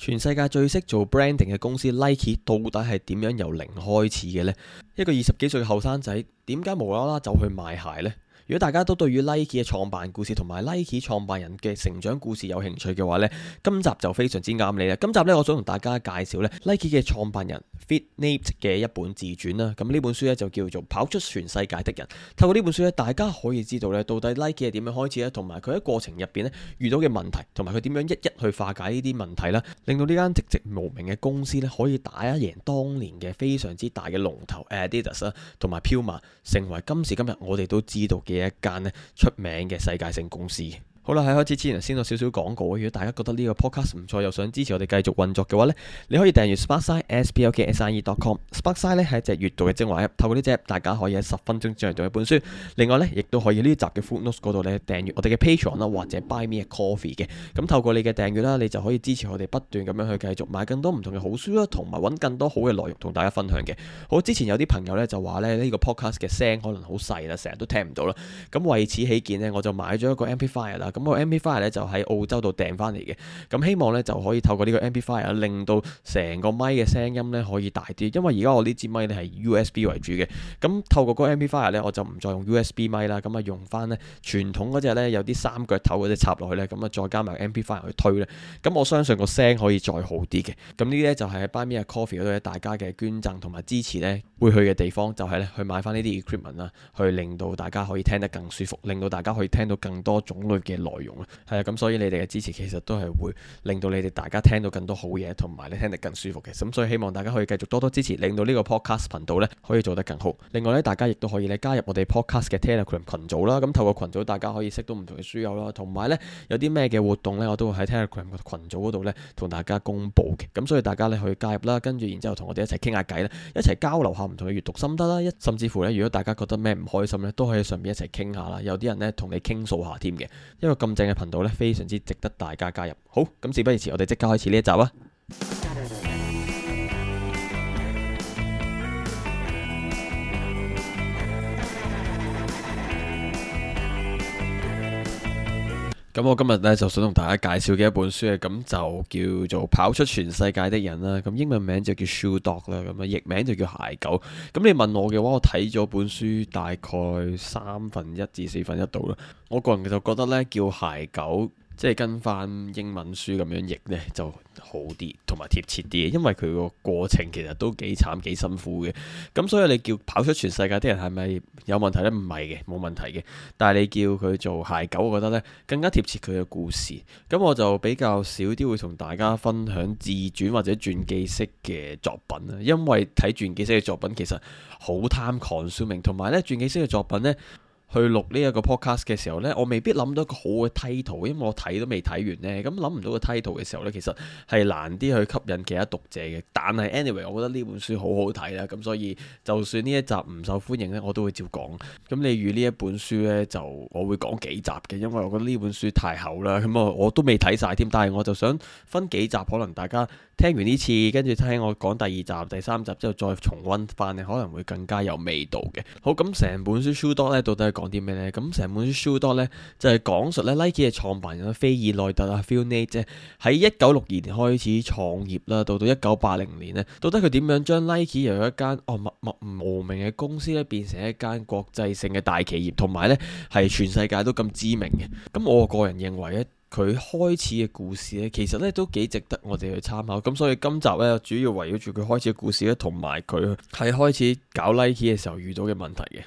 全世界最識做 branding 嘅公司 Nike 到底係點樣由零開始嘅呢？一個二十幾歲後生仔點解無啦啦走去賣鞋呢？如果大家都對於 Nike 嘅創辦故事同埋 Nike 創辦人嘅成長故事有興趣嘅話呢，今集就非常之啱你啦！今集咧，我想同大家介紹咧 Nike 嘅創辦人 Phil Knight 嘅一本自傳啦。咁呢本書咧就叫做《跑出全世界的人》。透過呢本書咧，大家可以知道咧到底 Nike 係點樣開始咧，同埋佢喺過程入邊咧遇到嘅問題，同埋佢點樣一一去化解呢啲問題啦，令到呢間寂寂無名嘅公司咧可以打啊贏當年嘅非常之大嘅龍頭 Adidas 同埋 Puma，成為今時今日我哋都知道嘅。一間咧出名嘅世界性公司。好啦，喺開始之前先有少少廣告。如果大家覺得呢個 podcast 唔錯，又想支持我哋繼續運作嘅話呢，你可以訂閱 s p a r k s i d e s p o k s i c o m Sparkside 呢係一隻閱讀嘅精華 app，透過呢隻 app，大家可以喺十分鐘之內讀一本書。另外呢，亦都可以呢集嘅 food notes 度呢訂閱我哋嘅 Patreon 啦，或者 buy me a coffee 嘅。咁透過你嘅訂閱啦，你就可以支持我哋不斷咁樣去繼續買更多唔同嘅好書啦，同埋揾更多好嘅內容同大家分享嘅。好，之前有啲朋友呢就話呢呢個 podcast 嘅聲可能好細啦，成日都聽唔到啦。咁為此起見呢，我就買咗一個 amplifier 啦。咁個 amplifier 咧就喺澳洲度訂翻嚟嘅，咁希望咧就可以透過呢個 amplifier 令到成個咪嘅聲音咧可以大啲，因為而家我呢支咪咧係 USB 為主嘅，咁透過個 amplifier 咧我就唔再用 USB 咪啦，咁啊用翻咧傳統嗰隻咧有啲三腳頭嗰啲插落去咧，咁啊再加埋 amplifier 去推咧，咁我相信個聲可以再好啲嘅。咁呢啲咧就係喺 Buy Me a Coffee 嗰度咧，大家嘅捐贈同埋支持咧會去嘅地方，就係咧去買翻呢啲 equipment 啦，去令到大家可以聽得更舒服，令到大家可以聽到更多種類嘅內容咯，係啊、嗯，咁所以你哋嘅支持其實都係會令到你哋大家聽到更多好嘢，同埋你聽得更舒服嘅。咁、嗯、所以希望大家可以繼續多多支持，令到呢個 Podcast 頻道呢可以做得更好。另外呢，大家亦都可以呢加入我哋 Podcast 嘅 Telegram 群組啦。咁、嗯、透過群組，大家可以識到唔同嘅書友啦，同埋呢，有啲咩嘅活動呢，我都會喺 Telegram 群組嗰度呢同大家公布嘅。咁、嗯、所以大家呢去加入啦，跟住然之後同我哋一齊傾下偈啦，一齊交流下唔同嘅閱讀心得啦。一甚至乎呢，如果大家覺得咩唔開心呢，都可以順便一齊傾下啦。有啲人呢，同你傾訴下添嘅。呢個咁正嘅頻道咧，非常之值得大家加入。好，咁事不宜遲，我哋即刻開始呢一集啊！咁我今日咧就想同大家介紹嘅一本書嘅，咁就叫做跑出全世界的人啦，咁英文名就叫 Shoe Dog 啦，咁啊譯名就叫鞋狗。咁你問我嘅話，我睇咗本書大概三分一至四分一度啦。我個人就覺得咧叫鞋狗。即係跟翻英文書咁樣譯呢就好啲，同埋貼切啲嘅，因為佢個過程其實都幾慘幾辛苦嘅。咁所以你叫跑出全世界啲人係咪有問題呢？唔係嘅，冇問題嘅。但係你叫佢做鞋狗，我覺得呢更加貼切佢嘅故事。咁我就比較少啲會同大家分享自傳或者傳記式嘅作品啦，因為睇傳記式嘅作品其實好貪 consuming，同埋呢傳記式嘅作品呢。去錄呢一個 podcast 嘅時候呢，我未必諗到一個好嘅 title，因為我睇都未睇完呢。咁諗唔到個 title 嘅時候呢，其實係難啲去吸引其他讀者嘅。但係 anyway，我覺得呢本書好好睇啦，咁所以就算呢一集唔受歡迎呢，我都會照講。咁例如呢一本書呢，就我會講幾集嘅，因為我覺得呢本書太厚啦，咁啊我都未睇晒添。但係我就想分幾集，可能大家。聽完呢次，跟住聽我講第二集、第三集之後，再重溫翻你可能會更加有味道嘅。好，咁成本書《Shoe Dog》咧，到底係講啲咩呢？咁成本書《Shoe Dog》咧，就係、是、講述咧 Nike 嘅創辦人菲爾奈特啊 Phil Knight 即係喺一九六二年開始創業啦，到到一九八零年呢，到底佢點樣將 Nike 由一間哦默默無名嘅公司咧，變成一間國際性嘅大企業，同埋咧係全世界都咁知名嘅。咁我個人認為咧。佢開始嘅故事呢，其實呢都幾值得我哋去參考。咁所以今集呢，主要圍繞住佢開始嘅故事呢，同埋佢喺開始搞 Nike 嘅時候遇到嘅問題嘅。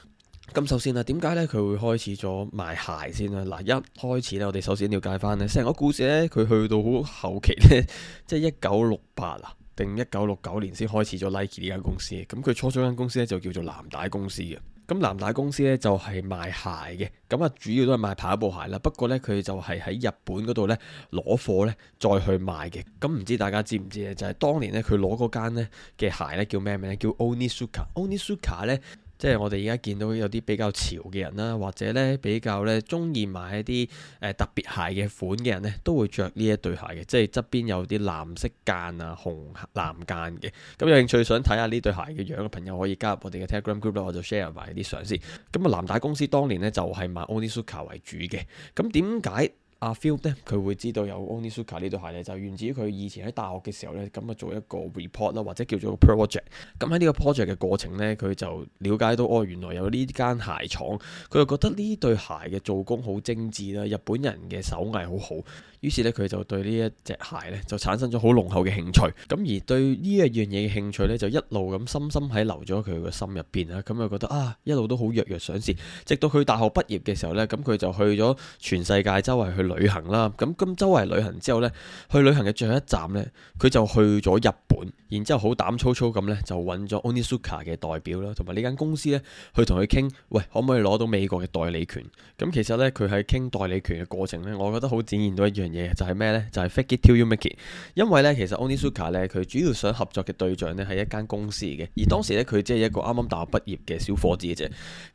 咁首先啊，點解呢？佢會開始咗賣鞋先啊？嗱，一開始呢，我哋首先了解翻呢成個故事呢，佢去到好後期呢，即係一九六八啊，定一九六九年先開始咗 Nike 呢間公司。咁佢初初間公司呢，就叫做藍帶公司嘅。咁南大公司咧就係賣鞋嘅，咁啊主要都係賣跑步鞋啦。不過咧佢就係喺日本嗰度咧攞貨咧再去賣嘅。咁唔知大家知唔知咧？就係當年咧佢攞嗰間咧嘅鞋咧叫咩名咧？叫 Onitsuka Onitsuka 咧。On 即係我哋而家見到有啲比較潮嘅人啦，或者咧比較咧中意買一啲誒、呃、特別鞋嘅款嘅人咧，都會着呢一對鞋嘅，即係側邊有啲藍色間啊、紅藍間嘅。咁有興趣想睇下呢對鞋嘅樣嘅朋友，可以加入我哋嘅 Telegram group 啦，我就 share 埋啲相先。咁、嗯、啊，藍帶公司當年咧就係、是、賣 Onitsuka 為主嘅，咁點解？阿 Phil 呢，佢會知道有 Onitsuka 呢對鞋咧，就源自於佢以前喺大學嘅時候呢，咁啊做一個 report 啦，或者叫做 project。咁喺呢個 project 嘅過程呢，佢就了解到哦，原來有呢間鞋廠，佢就覺得呢對鞋嘅做工好精緻啦，日本人嘅手藝好好。於是咧，佢就對呢一隻鞋咧，就產生咗好濃厚嘅興趣。咁而對呢一樣嘢嘅興趣咧，就一路咁深深喺留咗佢個心入邊啊！咁又覺得啊，一路都好躍躍想試。直到佢大學畢業嘅時候咧，咁佢就去咗全世界周圍去旅行啦。咁咁周圍旅行之後咧，去旅行嘅最後一站咧，佢就去咗日本，然之後好膽粗粗咁咧，就揾咗 Onitsuka 嘅代表啦，同埋呢間公司咧，去同佢傾，喂，可唔可以攞到美國嘅代理權？咁其實咧，佢喺傾代理權嘅過程咧，我覺得好展現到一樣嘢就係咩呢？就係、是、fake it till you make it。因為呢，其實 Onitsuka 呢，佢主要想合作嘅對象呢係一間公司嘅。而當時呢，佢只係一個啱啱大學畢業嘅小伙子嘅啫。咁、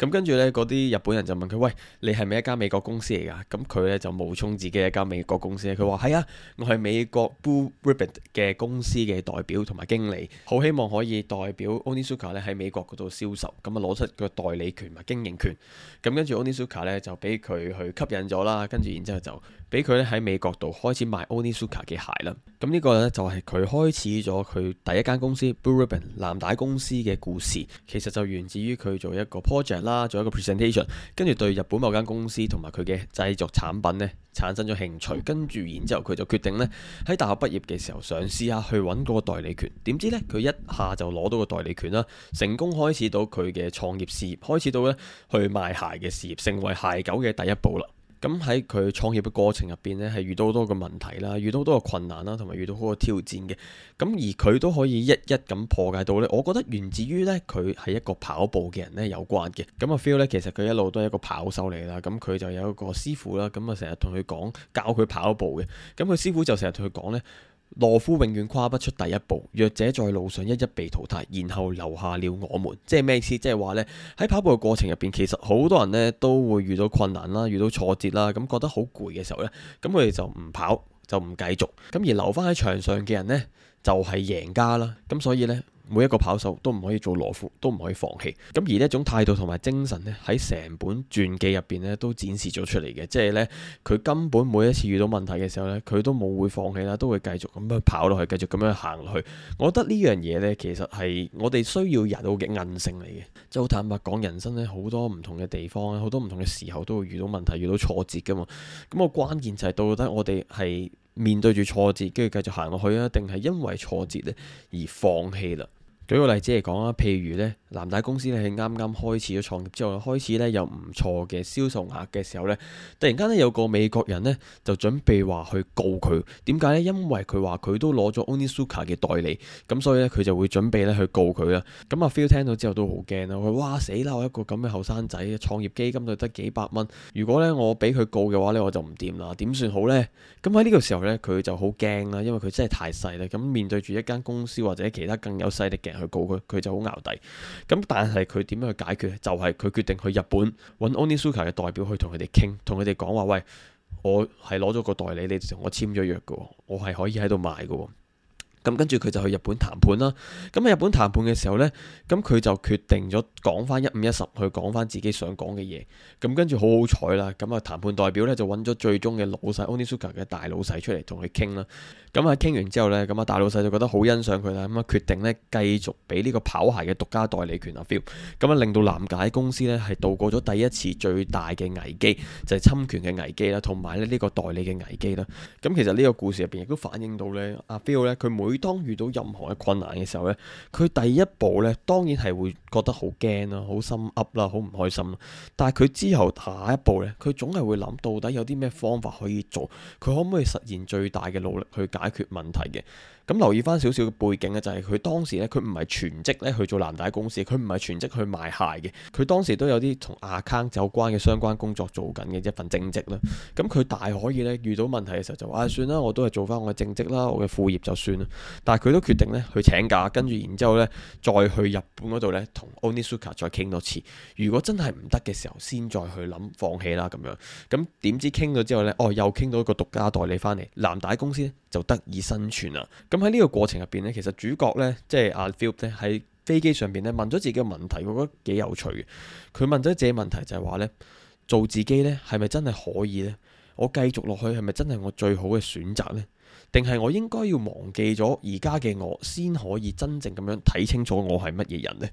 嗯、跟住呢，嗰啲日本人就問佢，喂，你係咪一家美國公司嚟㗎？咁、嗯、佢呢就冒充自己一家美國公司。佢話：係、哎、啊，我係美國 Boo Rabbit 嘅公司嘅代表同埋經理，好希望可以代表 Onitsuka 呢喺美國嗰度銷售，咁啊攞出個代理權同埋經營權。咁、嗯、跟住 Onitsuka 呢，就俾佢去吸引咗啦。跟住然之後就。俾佢咧喺美國度開始賣 Onitsuka 嘅鞋啦，咁呢個呢，就係佢開始咗佢第一間公司 Blue Ribbon 藍帶公司嘅故事，其實就源自於佢做一個 project 啦，做一個 presentation，跟住對日本某間公司同埋佢嘅製作產品呢產生咗興趣，跟住然之後佢就決定呢，喺大學畢業嘅時候想試下去揾嗰個代理權，點知呢，佢一下就攞到個代理權啦，成功開始到佢嘅創業事業，開始到呢去賣鞋嘅事業，成為鞋狗嘅第一步啦。咁喺佢創業嘅過程入邊呢，係遇到好多個問題啦，遇到好多個困難啦，同埋遇到好多挑戰嘅。咁而佢都可以一一咁破解到呢，我覺得源自於呢，佢係一個跑步嘅人呢有關嘅。咁啊 Phil 呢，其實佢一路都係一個跑手嚟啦。咁佢就有一個師傅啦，咁啊成日同佢講，教佢跑步嘅。咁佢師傅就成日同佢講呢。懦夫永遠跨不出第一步，弱者在路上一一被淘汰，然後留下了我們。即係咩意思？即係話呢，喺跑步嘅過程入邊，其實好多人呢都會遇到困難啦，遇到挫折啦，咁覺得好攰嘅時候呢，咁佢哋就唔跑，就唔繼續。咁而留翻喺場上嘅人呢，就係贏家啦。咁所以呢。每一個跑手都唔可以做懦夫，都唔可以放棄。咁而呢一種態度同埋精神呢，喺成本傳記入邊呢都展示咗出嚟嘅。即係呢，佢根本每一次遇到問題嘅時候呢，佢都冇會放棄啦，都會繼續咁樣跑落去，繼續咁樣行落去。我覺得呢樣嘢呢，其實係我哋需要人嘅韌性嚟嘅。即係好坦白講，人生呢，好多唔同嘅地方啊，好多唔同嘅時候都會遇到問題、遇到挫折㗎嘛。咁個關鍵就係到底我哋係面對住挫折，跟住繼續行落去啊，定係因為挫折呢而放棄啦？舉個例子嚟講啊，譬如呢，南大公司咧係啱啱開始咗創業之後，開始呢有唔錯嘅銷售額嘅時候呢，突然間呢有個美國人呢就準備話去告佢。點解呢？因為佢話佢都攞咗 Onitsuka 嘅代理，咁所以呢，佢就會準備呢去告佢啦。咁阿 Phil 聽到之後都好驚啦，佢話：死啦！我一個咁嘅後生仔，創業基金就得幾百蚊，如果呢我俾佢告嘅話呢，我就唔掂啦。點算好呢？咁喺呢個時候呢，佢就好驚啦，因為佢真係太細啦。咁面對住一間公司或者其他更有勢力嘅。去告佢，佢就好淆底。咁但係佢點樣去解決？就係、是、佢決定去日本揾 Onitsuka 嘅代表，去同佢哋傾，同佢哋講話：喂，我係攞咗個代理，你同我簽咗約嘅，我係可以喺度賣嘅。咁跟住佢就去日本談判啦。咁喺日本談判嘅時候呢，咁佢就決定咗講翻一五一十，去講翻自己想講嘅嘢。咁跟住好好彩啦。咁啊談判代表呢，就揾咗最終嘅老細 Onitsuka 嘅大老細出嚟同佢傾啦。咁啊，傾完之後咧，咁啊，大老細就覺得好欣賞佢啦，咁啊，決定咧繼續俾呢個跑鞋嘅獨家代理權阿 Phil。咁啊，令到藍解公司咧係度過咗第一次最大嘅危機，就係、是、侵權嘅危機啦，同埋咧呢個代理嘅危機啦。咁其實呢個故事入邊亦都反映到咧，阿、啊、Phil 咧，佢每當遇到任何嘅困難嘅時候咧，佢第一步咧當然係會覺得好驚啊，好心噏啦、好唔開心，但係佢之後下一步咧，佢總係會諗到底有啲咩方法可以做，佢可唔可以實現最大嘅努力去解解決問題嘅。咁留意翻少少嘅背景咧，就係、是、佢當時咧，佢唔係全職咧去做南大公司，佢唔係全職去賣鞋嘅，佢當時都有啲同阿 c 有關嘅相關工作做緊嘅一份正職啦。咁佢大可以咧，遇到問題嘅時候就話，算啦，我都係做翻我嘅正職啦，我嘅副業就算啦。但係佢都決定咧去請假，跟住然之後咧再去日本嗰度咧同 Onitsuka 再傾多次。如果真係唔得嘅時候，先再去諗放棄啦咁樣。咁點知傾咗之後咧，哦，又傾到一個獨家代理翻嚟，南大公司咧就得以生存啦。咁喺呢個過程入邊呢，其實主角呢，即係阿 Phil 呢喺飛機上面呢，問咗自己個問題，我覺得幾有趣。佢問咗自己問題就係話：「呢做自己呢，係咪真係可以呢？我繼續落去係咪真係我最好嘅選擇呢？定係我應該要忘記咗而家嘅我，先可以真正咁樣睇清楚我係乜嘢人呢？」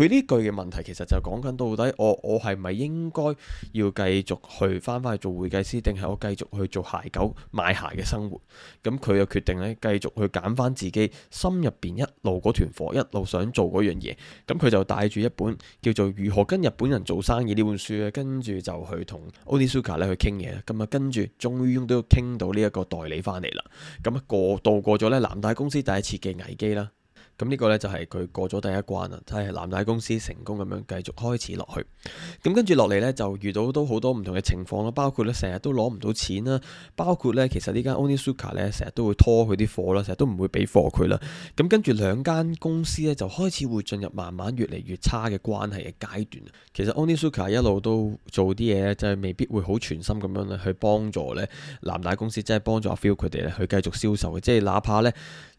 佢呢句嘅問題其實就講緊到底我我係咪應該要繼續去翻翻去做會計師，定係我繼續去做鞋狗買鞋嘅生活？咁佢又決定咧繼續去揀翻自己心入邊一路嗰團火，一路想做嗰樣嘢。咁佢就帶住一本叫做《如何跟日本人做生意》呢本書咧，跟住就去同 Onitsuka 去傾嘢。咁啊，跟住終於都傾到呢一個代理翻嚟啦。咁啊，過渡過咗呢南大公司第一次嘅危機啦。咁呢個呢，就係佢過咗第一關啦，即係南大公司成功咁樣繼續開始落去。咁跟住落嚟呢，就遇到都好多唔同嘅情況啦，包括呢成日都攞唔到錢啦，包括呢其實呢間 Onitsuka 呢，成日都會拖佢啲貨啦，成日都唔會俾貨佢啦。咁跟住兩間公司呢，就開始會進入慢慢越嚟越差嘅關係嘅階段。其實 Onitsuka 一路都做啲嘢呢，就係未必會好全心咁樣呢去幫助呢南大公司，即係幫助阿 Phil 佢哋呢去繼續銷售嘅，即係哪怕呢。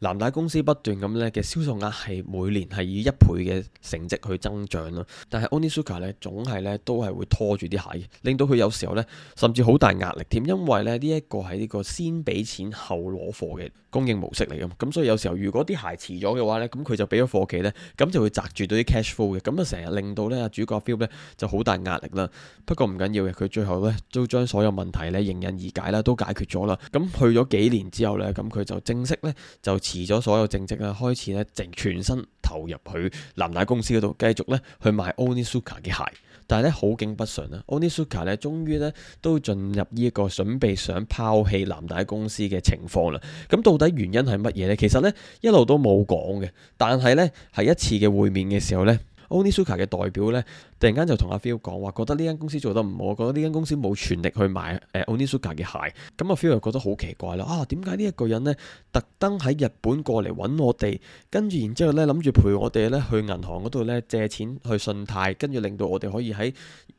南大公司不斷咁咧嘅銷售額係每年係以一倍嘅成績去增長咯，但係 Onitsuka 咧總係咧都係會拖住啲鞋，令到佢有時候咧甚至好大壓力添，因為咧呢一個係呢個先俾錢後攞貨嘅供應模式嚟㗎嘛，咁所以有時候如果啲鞋遲咗嘅話咧，咁佢就俾咗貨期咧，咁就會窒住到啲 cash flow 嘅，咁啊成日令到咧主角 Phil 咧就好大壓力啦。不過唔緊要嘅，佢最後咧都將所有問題咧迎刃而解啦，都解決咗啦。咁去咗幾年之後咧，咁佢就正式咧就，辭咗所有正職啊，開始咧淨全身投入去南大公司嗰度，繼續咧去賣 Onitsuka 嘅鞋。但係咧好景不長啊 Onitsuka 咧終於咧都進入呢一個準備想拋棄南大公司嘅情況啦。咁到底原因係乜嘢咧？其實咧一路都冇講嘅，但係咧喺一次嘅會面嘅時候咧。Onitsuka 嘅代表呢，突然間就同阿 Phil 講話，覺得呢間公司做得唔好，覺得呢間公司冇全力去買誒 Onitsuka 嘅鞋。咁阿 Phil 又覺得好奇怪啦，啊點解呢一個人呢？特登喺日本過嚟揾我哋，跟住然之後呢諗住陪我哋呢去銀行嗰度呢借錢去信貸，跟住令到我哋可以喺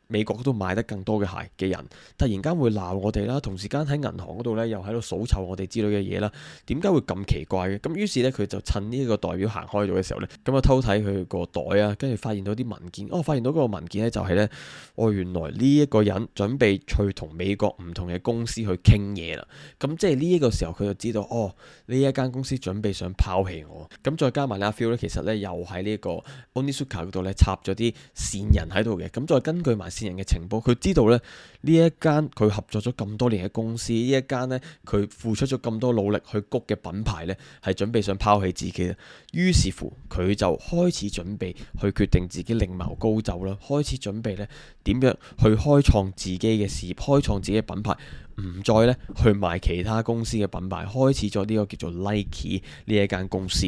美國嗰度買得更多嘅鞋嘅人，突然間會鬧我哋啦，同時間喺銀行嗰度呢，又喺度數湊我哋之類嘅嘢啦，點解會咁奇怪嘅？咁於是呢，佢就趁呢一個代表行開咗嘅時候呢，咁就偷睇佢個袋啊，跟住發現到啲文件，哦發現到嗰個文件呢，就係呢：「哦原來呢一個人準備去同美國唔同嘅公司去傾嘢啦，咁即係呢一個時候佢就知道，哦呢一間公司準備想拋棄我，咁再加埋阿、啊、Phil 其實呢又喺呢個 Onitsuka 嗰度呢插咗啲線人喺度嘅，咁再根據埋。線人嘅情報，佢知道咧呢一間佢合作咗咁多年嘅公司，呢一間咧佢付出咗咁多努力去谷嘅品牌呢係準備想拋棄自己啦。於是乎，佢就開始準備去決定自己另謀高就啦，開始準備呢點樣去開創自己嘅事業，開創自己嘅品牌，唔再呢去賣其他公司嘅品牌，開始咗呢個叫做 Nike 呢一間公司。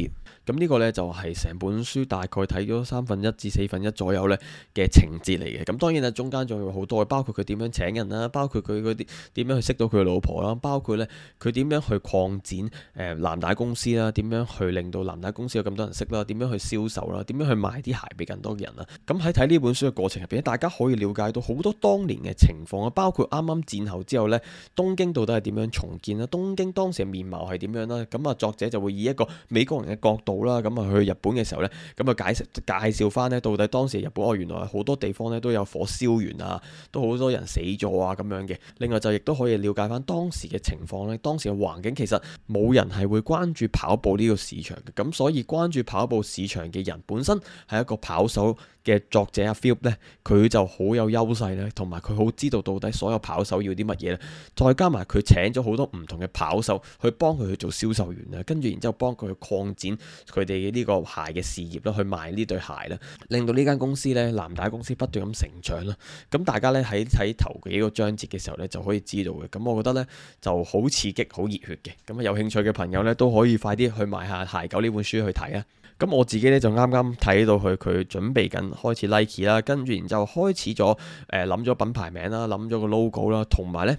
咁呢個呢，就係成本書大概睇咗三分一至四分一左右呢嘅情節嚟嘅。咁當然啦，中間仲有好多，包括佢點樣請人啦，包括佢嗰啲點樣去識到佢老婆啦，包括呢佢點樣去擴展誒南大公司啦，點樣去令到南大公司有咁多人識啦，點樣去銷售啦，點樣去賣啲鞋俾更多嘅人啦。咁喺睇呢本書嘅過程入邊，大家可以了解到好多當年嘅情況啊，包括啱啱戰後之後呢，東京到底係點樣重建啦，東京當時嘅面貌係點樣啦。咁啊，作者就會以一個美國人嘅角度。好啦，咁啊去日本嘅時候呢，咁啊解釋介紹翻呢，到底當時日本哦原來好多地方呢都有火燒完啊，都好多人死咗啊咁樣嘅。另外就亦都可以了解翻當時嘅情況呢，當時嘅環境其實冇人係會關注跑步呢個市場嘅，咁所以關注跑步市場嘅人本身係一個跑手。嘅作者啊，Phil 咧，佢就好有優勢咧，同埋佢好知道到底所有跑手要啲乜嘢咧，再加埋佢請咗好多唔同嘅跑手去幫佢去做銷售員啊，跟住然之後幫佢去擴展佢哋呢個鞋嘅事業啦，去賣呢對鞋咧，令到呢間公司咧，藍帶公司不斷咁成長啦。咁大家咧喺睇頭幾個章節嘅時候咧就可以知道嘅。咁我覺得咧就好刺激、好熱血嘅。咁啊，有興趣嘅朋友咧都可以快啲去買下《鞋狗》呢本書去睇啊！咁我自己咧就啱啱睇到佢，佢準備緊開始 Nike 啦，跟住然之後開始咗誒諗咗品牌名啦，諗咗個 logo 啦，同埋咧，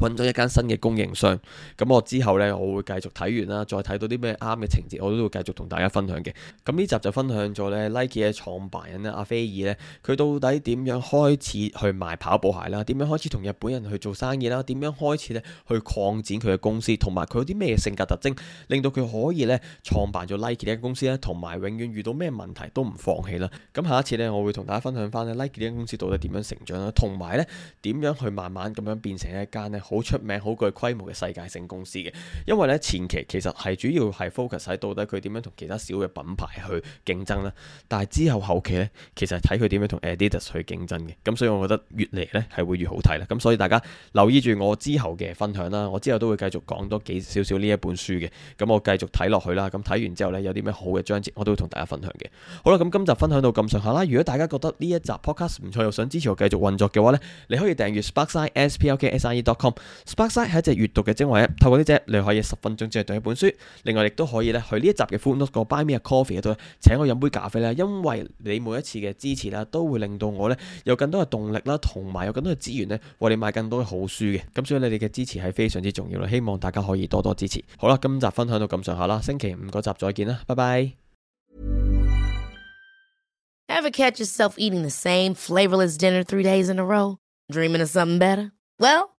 揾咗一間新嘅供應商，咁我之後呢，我會繼續睇完啦，再睇到啲咩啱嘅情節，我都會繼續同大家分享嘅。咁呢集就分享咗呢 Nike 嘅創辦人、啊、爾呢，阿菲爾呢，佢到底點樣開始去賣跑步鞋啦？點樣開始同日本人去做生意啦？點樣開始呢去擴展佢嘅公司，同埋佢有啲咩性格特徵，令到佢可以呢創辦咗 Nike 呢間公司咧，同埋永遠遇到咩問題都唔放棄啦。咁下一次呢，我會同大家分享翻呢 Nike 呢間公司到底點樣成長啦，同埋呢點樣去慢慢咁樣變成一間咧。好出名、好具規模嘅世界性公司嘅，因為呢前期其實係主要係 focus 喺到底佢點樣同其他小嘅品牌去競爭啦，但係之後後期呢，其實係睇佢點樣同 Adidas 去競爭嘅，咁所以我覺得越嚟呢係會越好睇啦，咁所以大家留意住我之後嘅分享啦，我之後都會繼續講多幾少少呢一本書嘅，咁我繼續睇落去啦，咁睇完之後呢，有啲咩好嘅章節，我都會同大家分享嘅。好啦，咁今集分享到咁上下啦，如果大家覺得呢一集 podcast 唔錯又想支持我繼續運作嘅話呢，你可以訂閱 sparkside.splside.com k。Sparkside 係一隻閱讀嘅精華，透過呢隻你可以十分鐘之內讀一本書。另外亦都可以咧去呢一集嘅 footnote 個 Buy Me a Coffee 度，請我飲杯咖啡啦。因為你每一次嘅支持啦，都會令到我咧有更多嘅動力啦，同埋有更多嘅資源咧，為你買更多嘅好書嘅。咁所以你哋嘅支持係非常之重要啦，希望大家可以多多支持。好啦，今集分享到咁上下啦，星期五嗰集再見啦，拜拜。Ever catch yourself eating the same flavorless dinner three days in a row? Dreaming of something better? Well.